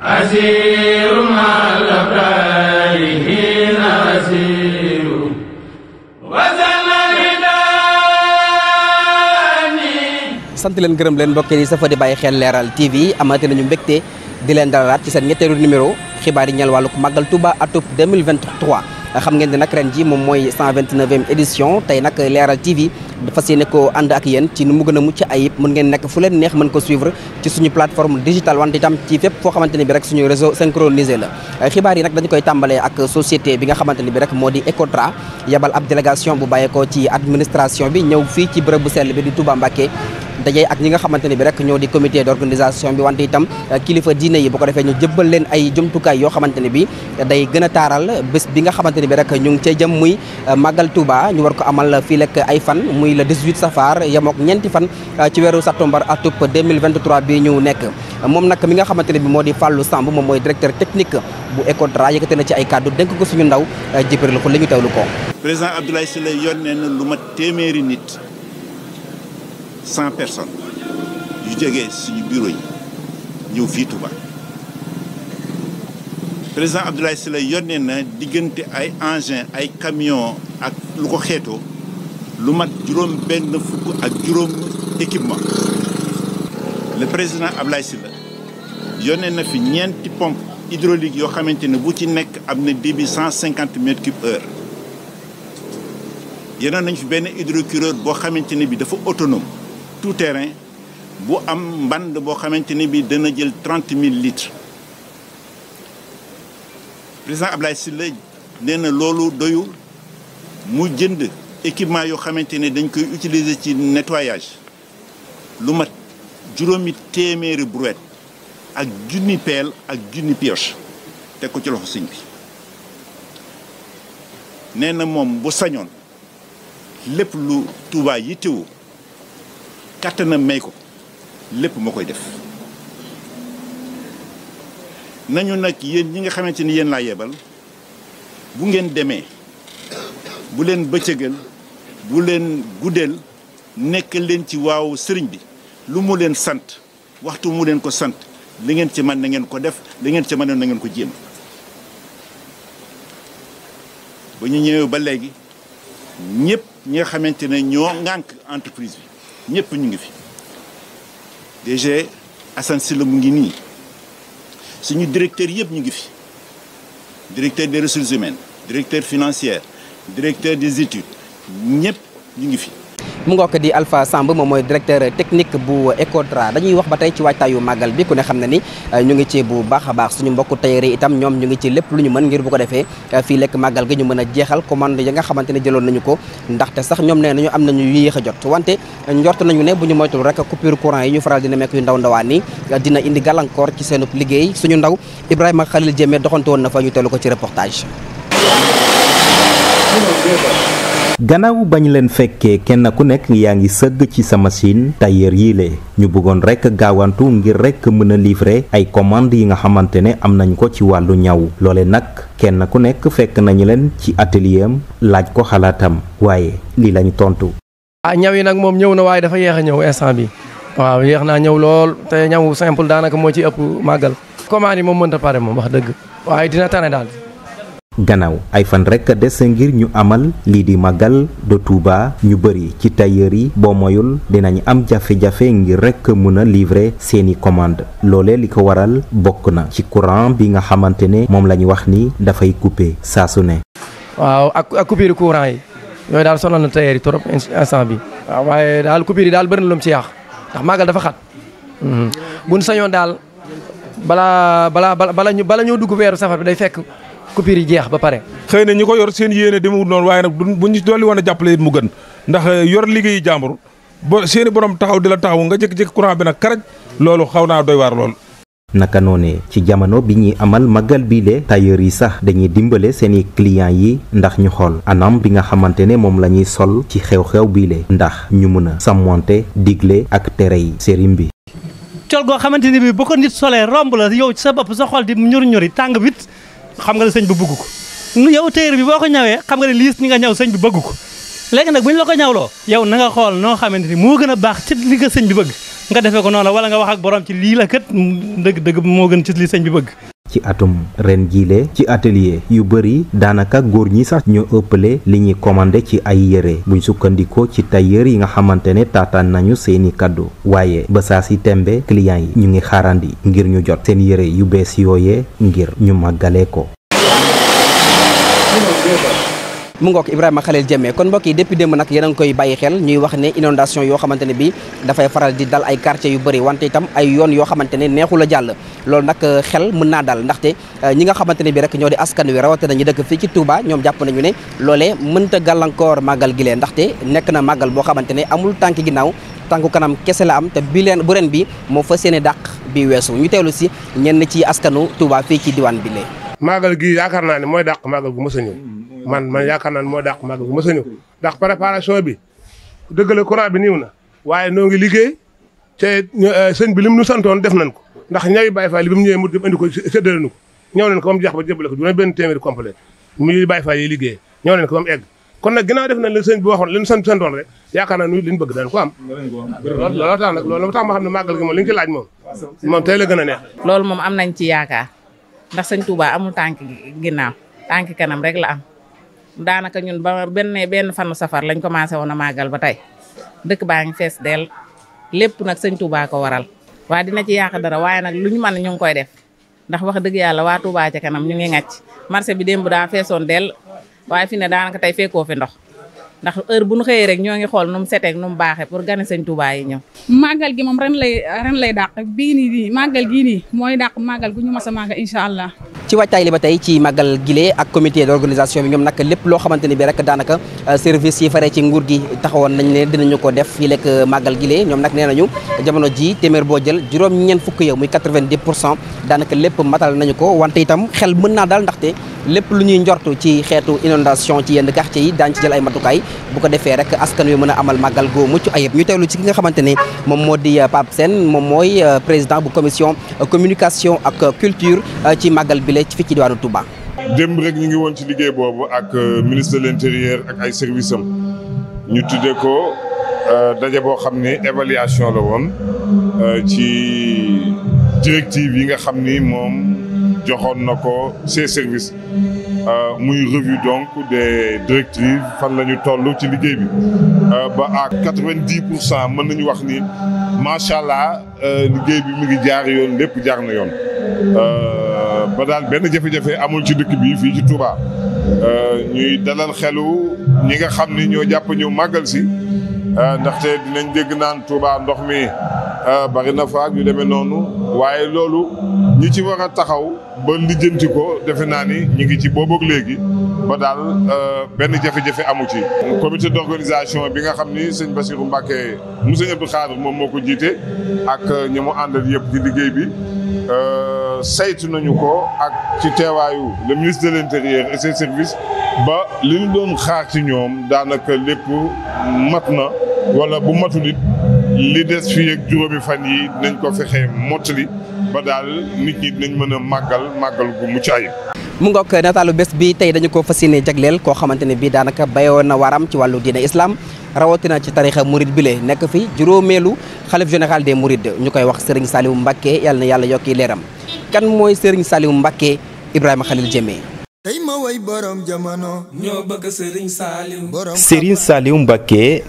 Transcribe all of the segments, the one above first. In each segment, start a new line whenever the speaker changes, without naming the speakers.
asiru mal abraari hiina asiru
sant leen gërëm leen mbokk yi safa di bàyyi xel leeral TV amati nañu mbégte di leen dalalaat ci seen ñetteelu numéro xibaar yi ñeel wàllu màggal Touba atub 2023 xam ngeen ne nag ren ji moom mooy 129e édition tey nag leeral TV dafa yéene ko ànd ak yéen ci nu mu gën a mucc ayib mën ngeen nekk fu leen neex man ko suivre ci suñu plateforme digital wante itam ci fépp foo xamante ne bi rek suñu réseau synchronisé la xibaar yi nag dañu koy tàmbalee ak société bi nga xamante ni bi rek moo di Ecotra yebal ab délégation bu bàyyeekoo ci administration bi ñëw fii ci bërëb bu sell bi di Touba Mbacké dajee ak ñi nga xamante ni bi rek ñoo di comité d'organisation bi wante itam euh, kilifa diine yi bu ko defee ñu jëbbal leen ay jumtukaay yoo xamante ni bi day gën a taaral bés bi nga xamante ni bi rek ñu ngi cee jëm muy euh, màggal Touba ñu war ko amal fii fan muy le 18 safar yemook ñeenti fan euh, ci weeru septembre atub 2023 bi ñu nekk moom nag mi nga xamante ne bi moo di Fallou Samb moom mooy directeur technique bu ECOTRA yëkkate na ci ay kàddu dénk ko suñu ndaw jëppëril ko li ñu teewlu
ko président Abdoulaye Sylla yónnee na lu ma téeméeri nit cent personnes yu jógee suñu bureau yi ñëw fii Touba président Abdoulaye Sylla yónnee na diggante ay engin ay camion ak lu ko xeetoo lu mat juróom benn fukk ak juróom équipement le président Abdoulaye Sylla yónnee na fi ñeenti pompe hydraulique yoo xamante ne bu ci nekk am na débit cent cinquante mètres heure yeneen nañu fi benn hydrocureur boo xamante ne bi dafa autonome tout terrain bu am mband boo xamante ni bi dana jël trente mille litres président Ablaye Sylla nee na loolu doyu mu jënd équipement yoo xamante ni dañ koy utiliser ci nettoyage lu mat juróomi téeméeri brouette ak junni peel ak junni pioche teg ko ci loxo sëñ bi nee na moom bu sañoon lépp lu Tuubaa yittewoo kàttanam may ko lépp moo koy def nañu nag yéen ñi nga xamante ni yéen laa yebal bu ngeen demee bu leen bëccëgal bu leen guddeel nekk leen ci waaw sëriñ bi lu mu leen sant waxtu mu leen ko sant li ngeen ci mën na ngeen ko def li ngeen ci mën na ngeen ko jéem ba ñu ñëwee ba léegi ñëpp ñi nga xamante ne ñoo ŋànk entreprise bi ñëpp ñu ngi fi DG Assane Sylla mu ngi nii suñu directeur yëpp ñu ngi fi directeur des ressources humaines directeur financier directeur des études ñëpp ñu ngi fi
mu ngoo ko di Alpha Samb moom mooy directeur technique bu Ecotra dañuy wax ba tey ci waajtaayu màggal bi ku ne xam ne ni euh, ñu ngi ci bu baax a baax suñu mbokk tayere itam ñoom ñu ngi ci lépp lu ñu mën ngir bu ko defee euh, fii lekk màggal ga ñu mën a jeexal commande yi nga xamante ne jëloon nañu ko ndaxte sax ñoom nee nañu am nañu yéex a jot wante njort nañu ne bu ñu moytul rek coupure courant yi ñu faral dina mekk yu ndaw ndawaan ni euh, dina indi gàllankoor ci liggéey suñu ndaw Ibrahima Khalil Jéeme doxante woon na fa ñu teelu ko ci
gannaaw bañ leen fekkee kenn ku nekk yaa ngi sëgg ci sa machine tailleur yii le ñu bëggoon rek gaawantu ngir rek mën a livrer ay commande yi nga xamante ne am nañ ko ci wàllu ñaw loole nag kenn ku nekk fekk nañu leen ci atelier am laaj ko xalaatam waaye lii lañu tontu.
ah ñaw yi nag moom ñëw na waaye dafa yeex a ñëw instant bi waaw yéex naa ñëw lool te ñaw simple daanaka moo ci ëpp màggal commande yi moom mënta pare moom wax dëgg waaye dina tane daal.
gannaaw ay fan rek des ngir ñu amal lii di màggal de Touba ñu bëri ci tailleur yi boo moyul ñu am jafe-jafe ngir rek mën a livrer seeni commande loolee li ko waral bokk na ci courant bi nga xamante ne moom la ñu wax ni dafay coupé saa su ne.
waaw ak
ak coupure courant yi yooyu daal sonal na tailleur yi instant bi waaw waaye daal coupure yi daal bëri na ci yàq ndax màggal dafa xat hmm. buñ sañoon daal balaa balaa bala ñu dugg weeru safar bi day fekk. coupure yi jeex ba pare
xëy na ñi ko yor seen yéene demewul noonu waaye nag bu ñu dolli woon a jàppale mu gën ndax eh, yor liggéeyi jàmbur ba seen boroom
taxaw di la taxaw nga jékki-jékki courant bi nag karaj loolu xaw naa doy war lool naka noonee ci jamono bi ñuy amal magal bii le tailleur yi sax dañuy dimbale seeni clients yi ndax ñu xool anam bi nga xamante ne moom la ñuy sol ci xew-xew biile ndax ñu mën a sàmmonte digle ak tere yi sëriñ bi col goo xamante bi bu ko nit solee romb la bopp sa xol di ñur ñuri tàng wit xam nga ne sëñ bi bëgg ko yow téere bi boo ko ñawee xam nga ne liis ni nga ñaw sëñ bi bëgg ko léegi nag bu ñu la ko ñawloo yow na nga xool noo xamante ni moo gën a baax ci li nga sëñ bi bëgg nga defee ko noonu wala nga wax ak borom ci lii la kat dëgg dëgg moo gën ci li sëñ bi bëgg ci atum ren jiile ci atelier yu bëri daanaka góor ñi sax ñoo ëppale li ñuy commandé ci ay yëre buñ sukkandikoo ci yëre yi nga xamante ne taataan nañu seeni kàddu waaye ba si tembe client yi ñu ngi xaarandi ngir ñu jot seen yére yu bees yooye ngir ñu màggale ko
mu ngook Ibrahima Khalil Diémé kon mbokk yi depuis démb nag yéen a koy bàyyi xel ñuy wax ne inondation yoo xamante ne bi dafay faral di dal ay quartiers yu bëri wante itam ay yoon yoo xamante ne neexul a jàll loolu nag euh, xel mën naa daal ndaxte euh, ñi nga xamante ne bi rek ñoo di askan wi rawatina ñu dëkk fii ci Touba ñoom jàpp nañu ne loole mënta gàllankoor màggal gi lee ndaxte nekk na màggal boo xamante ne amul tànk ginnaaw tànku kanam kese la am te bi leen bu bi moo fas yéene dàq bi weesu ñu teelu si ñenn ci askanu
Touba fii ci diwaan bi lee gi yaakaar naa ne mooy dàq màggal gu mës a ñëw man man yaakaar naa ne moo dàq màgg a ñëw ndax préparation bi na euh, ko ndax ñawi Baye Fall yi bi ba mu jeex ba jébale ko dina benn téeméeri complet muy Baye Fall yi liggéey ñëw nañ ko ba mu egg kon nag ginnaaw def nañ la sëñ bi waxoon leen sant santoon rek gi moom li laaj moom moom gën a neex loolu moom am nañ ci yaakaar ndax sëñ Touba amul tànk ginnaaw tànk kanam rek la am daanaka
ñun ba benn benn fanu safar lañ commencé woon a màggal ba tey dëkk baa ngi fees dell lépp nag sëñ Touba ko waral. waa dina ci yàq dara waaye nag lu ñu mën ñu ngi koy def ndax wax dëgg yàlla waa Touba ca kanam ñu ngi ŋàcc marché bi démb daa feesoon dell waaye fi ne daanaka tey fekkoo fi ndox ndax heure bu ñu xëyee rek ñoo ngi xool nu mu setee nu mu baaxee pour gane sëñ Touba yi ñëw. màggal gi moom ren lay ren lay bii nii nii màggal nii mooy dàq màggal gu a màggal ci waajtaay li ba tey ci màggal gile ak comité d'organisation bi ñoom nag lépp loo xamante ni bi rek daanaka euh, service yi faree ci nguur gi taxawoon nañ leen dinañu ko def yi lekk màggal gile ñoom nag nee nañu jamono ji téeméer boo jël juróom ñeen fukk yow muy 90 pour cent daanaka lépp matal nañu ko wante itam xel mën naa daal ndaxte lépp lu ñuy njort ci xeetu inondation ci yenn quartier yi daañ ci jël ay matukaay bu ko defee rek askan wi mën a amal màggal goo mucc ayib ñu ci ki nga xamante ne moom moo di euh, Pape Sène moom mooy euh, président bu commission communication ak culture ci màggal bi jëmale ci fii ci diwaanu Touba.
rek ñu ngi woon ci liggéey boobu ak euh, ministre de l'intérieur ak ay services am ñu tuddee ko euh, daje boo xam ne évaluation la woon euh, ci directive yi nga xam ni moom joxoon na ko ses services muy revue donc des directives fan la ñu toll ci liggéey bi ba à quatre pour cent mën nañu wax ni macha allah liggéey bi mu ngi jaar yoon lépp jaar na yoon. ba daal benn jafe-jafe amul ci dëkk bi fii ci Touba euh, ñuy dalal xelu ñi nga xam ni ñoo jàpp ñu màggal si euh, ndaxte dinañ dégg naan Touba ndox mi euh, bari na yu demee noonu waaye loolu ñi ci war a taxaw ba lijjanti ko defe naa ni ñu ngi ci booboog léegi ba daal benn jafe-jafe amu ci. comité d'organisation bi nga xam ni sëñ Bassirou Mbacké mu sëñ Abdou moom moo ko jiite ak ñi mu àndal yëpp ci liggéey bi. saytu nañu ko ak ci teewaayu le ministre de l'intérieur et ses ba li ñu doon xaar ci ñoom daanaka lépp mat na wala bu matul it li des fii ak juróomi fan yi dinañ ko fexe mottali ba daal nit ñi dinañ mën a màggal màggal gu mucc ayib.
mu ngoog nataalu bés bi tey dañu ko fas yéene jagleel koo xamante ne bii daanaka bayoon na waram ci wàllu diine islam rawatina ci tarixa Mouride bile nekk fi juróomeelu xalif général des Mourides ñu koy wax Serigne Saliou Mbacké yàlla yàlla yokki leeram. kan mooy Serigne Saliou Mbacké Ibrahima Khalil Diémé tey ma way borom jamono.
ñoo bëgg Serigne Saliou. borom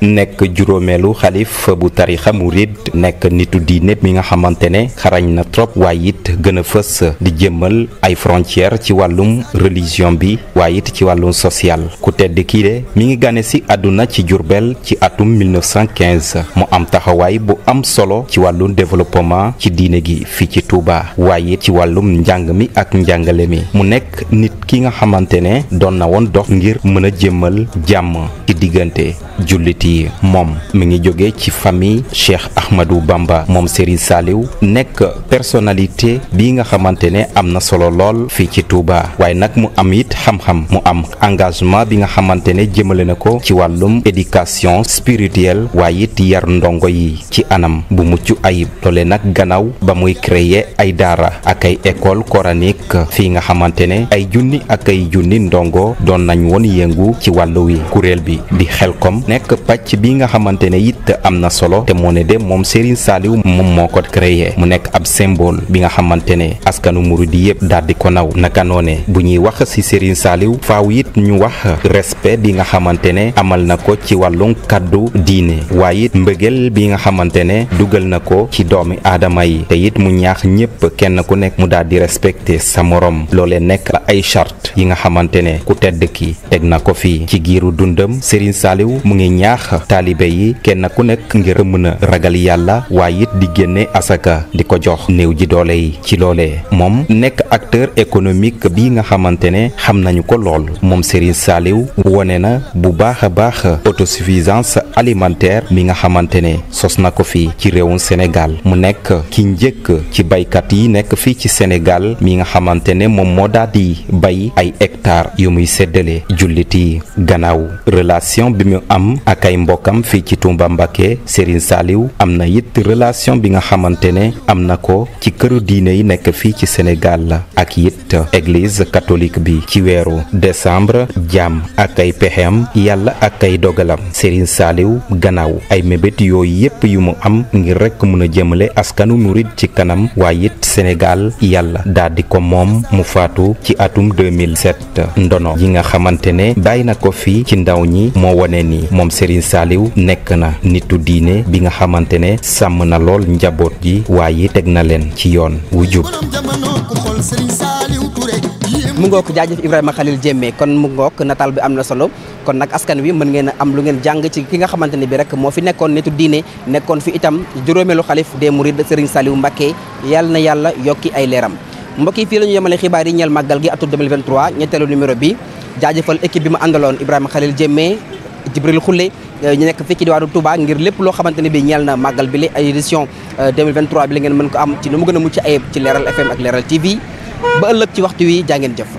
nekk juróomeelu xalif bu tarixa murid nekk nitu diine mi nga xamante ne xarañ na trop waaye it gën a fës di jëmmal ay frontières ci wàllum religion bi waaye it ci wàllum social ku tedd kii de mi ngi gane si àdduna ci Jurbel ci atum 1915 mu am taxawaay bu am solo ci wàllum développement ci diine gi fii ci Touba waaye it ci wàllum njàng mi ak njàngale mi mu nekk nit ki. li xamante ne doon na woon dox ngir mën a jëmmal jàmm diggante jullit yi moom mi ngi jóge ci famille Cheikh Ahmadou Bamba moom Serigne Saliou nekk personnalité bi nga xamante ne am na solo lool fii ci Touba waaye nag mu am it xam-xam mu am engagement bi nga xamante ne jëmale na ko ci wàllum éducation spirituelle waaye it yar ndongo yi ci anam bu mucc ayib loole nag gannaaw ba muy créer ay daara ak ay école coranique fii nga xamante ay junni ak ay junni ndongo doon nañ woon yëngu ci wàllu wi kuréel bi di xelkom nekk pàcc bi nga xamante ne it am na solo te moo ne de moom Serigne Saliou moom moo ko créé mu nekk ab symbole bi nga xamante ne askanu muridi yëpp daal di ko naw naka noone bu ñuy wax ci Serigne Saliou faaw it ñu wax respect bi nga xamante ne amal na ko ci wàllu kàddu diine waaye it mbëggeel bi nga xamante ne dugal na ko ci doomi aadama yi te it mu ñaax ñépp kenn ku nekk mu daal di respecté sa morom loolee nekk ay charte yi nga xamante ne ku tedd ki teg na ko fi ci giiru dundam Serigne Saliou mu ngi ñaax taalibe yi kenn ku nekk ngir mën a ragal yàlla waaye it di génne asaka di ko jox néew ji doole yi ci loolee moom nekk acteur économique bi nga xamante ne xam nañu ko lool moom Serigne Saliou wone na bu baax a baax autosuffisance alimentaire mi nga xamante ne sos na ko fi ci réewum Sénégal mu nekk ki njëkk ci baykat yi nekk fii ci Sénégal mi nga xamante ne moom moo daal di bay ci ay hectares yu muy séddale jullit yi gannaaw relation bi mu am ak ay mbokkam fii ci Touba Mbacké Serigne Saliou am na it relation bi nga xamante ne am na ko ci kër diine yi nekk fii ci Sénégal la ak it église catholique bi ci weeru décembre jaam ak ay pexeem yàlla ak ay dogalam Serigne Saliou gannaaw ay mébét yooyu yépp yu mu am ngir rekk mën a jëmale askanu murid ci kanam waaye it Sénégal yàlla daldi ko moom mu faatu ci atum 2000 2007 ndono yi nga xamante ne bàyyi na ko fi ci ndaw ñi moo wone ni moom Serigne Saliou nekk na nitu diine bi nga xamante ne sàmm na lool njaboot ji waaye teg na leen ci yoon wu jub
mu ngook jaajëf Ibrahima Khalil Diémé kon mu ngook nataal bi am na solo kon nag askan wi mën ngeen a am lu ngeen jàng ci ki nga xamante ne bi rek moo fi nekkoon nitu diine nekkoon fi itam juróomeelu xalif des mourides Serigne Saliou Mbacké yàlla na yàlla yokki ay leeram mbokk yi fii lañu ñu yemale xibaar yi ñeel màggal gi atum 2023 ñetteelu numéro bi jaajëfal équipe bi ma àndaloon Ibrahima Khalil Diémé Jibril Khoule euh, ñu nekk fii ci diwaanu Touba ngir lépp loo xamante ne bi ñeel na màggal bi li ay édition 2023 euh, bi la ngeen mën ko am ci nu mu gën a mucc ayib ci Leeral FM ak Leeral TV ba ëllëg ci waxtu wi jaa ngeen jëf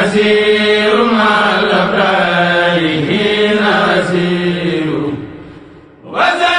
asiru ma la